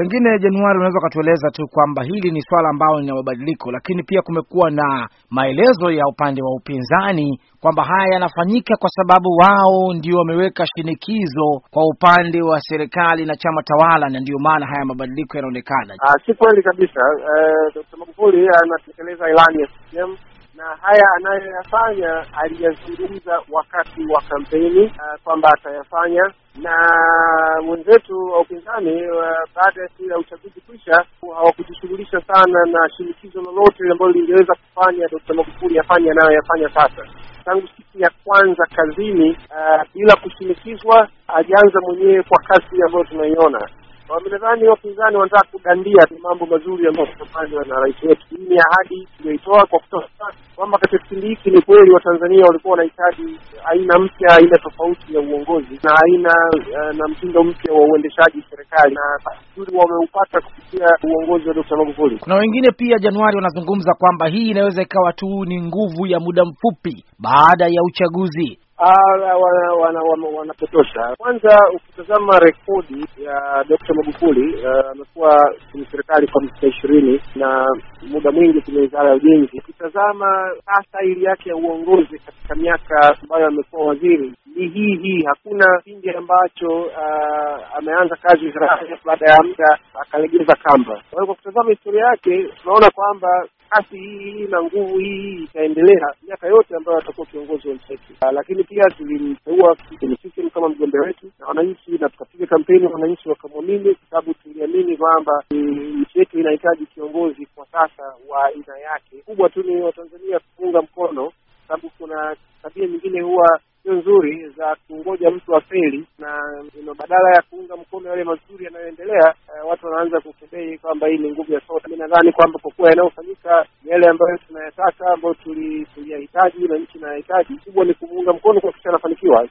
Pengine Januari, unaweza ukatueleza tu kwamba hili ni swala ambalo lina mabadiliko, lakini pia kumekuwa na maelezo ya upande wa upinzani kwamba haya yanafanyika kwa sababu wao ndio wameweka shinikizo kwa upande wa serikali na chama tawala, na ndio maana haya mabadiliko yanaonekana. Ah, si kweli kabisa. Eh, Magufuli anatekeleza ilani ya CCM na haya anayoyafanya aliyazungumza wakati wa kampeni uh, kwamba atayafanya na mwenzetu wa upinzani uh, baada ya uchaguzi kuisha hawakujishughulisha sana na shinikizo lolote ambalo lingeweza kufanya Dkt. Magufuli afanye anayoyafanya sasa. Tangu siku ya kwanza kazini, uh, bila kushinikizwa, alianza mwenyewe kwa kasi ambayo tunaiona. Wamenadhani wapinzani wanataka kudandia mambo mazuri ambayo yanafanywa na rais wetu. Hii ni ahadi tuliyoitoa kwa kutoa kwamba katika kipindi hiki, ni kweli Watanzania walikuwa wanahitaji aina mpya, aina tofauti ya uongozi na aina eh, na mtindo mpya wa uendeshaji serikali, na uzuri wameupata kupitia uongozi wa Dkt. Magufuli. Kuna wengine pia Januari wanazungumza kwamba hii inaweza ikawa tu ni nguvu ya muda mfupi baada ya uchaguzi. Ah, wanapotosha. Kwanza ukitazama rekodi ya Dkt. Magufuli eh, amekuwa kwenye serikali kwa miaka ishirini na muda mwingi kwenye wizara ya ujenzi. Ukitazama ili yake ya uongozi katika miaka ambayo amekuwa waziri ni hii hii, hakuna pindi ambacho uh, ameanza kazi Israel baada ya muda akalegeza kamba. Kwa hiyo kwa kutazama historia yake tunaona kwamba kasi hii hii na nguvu hii hii itaendelea miaka yote ambayo atakuwa kiongozi wa nchi yetu. Ah, lakini pia tulimteua kwenye system kama mgombea wetu na wananchi, na tukapiga kampeni wananchi wakamwamini, kwa sababu tuliamini kwamba nchi yetu inahitaji kiongozi kwa sasa wa aina yake. Kubwa tu ni Watanzania kuunga mkono, kwa sababu kuna tabia nyingine huwa sio nzuri za kungoja mtu afeli, na badala ya kuunga mkono yale mazuri yanayoendelea, uh, watu wanaanza kukebei kwamba hii ni nguvu ya soda. Mi nadhani kwamba kwa kuwa yanayofanyika ni yale ambayo tunayataka, ambayo tuliyahitaji na nchi inayahitaji, kubwa ni kumuunga mkono kwa kisha anafanikiwa.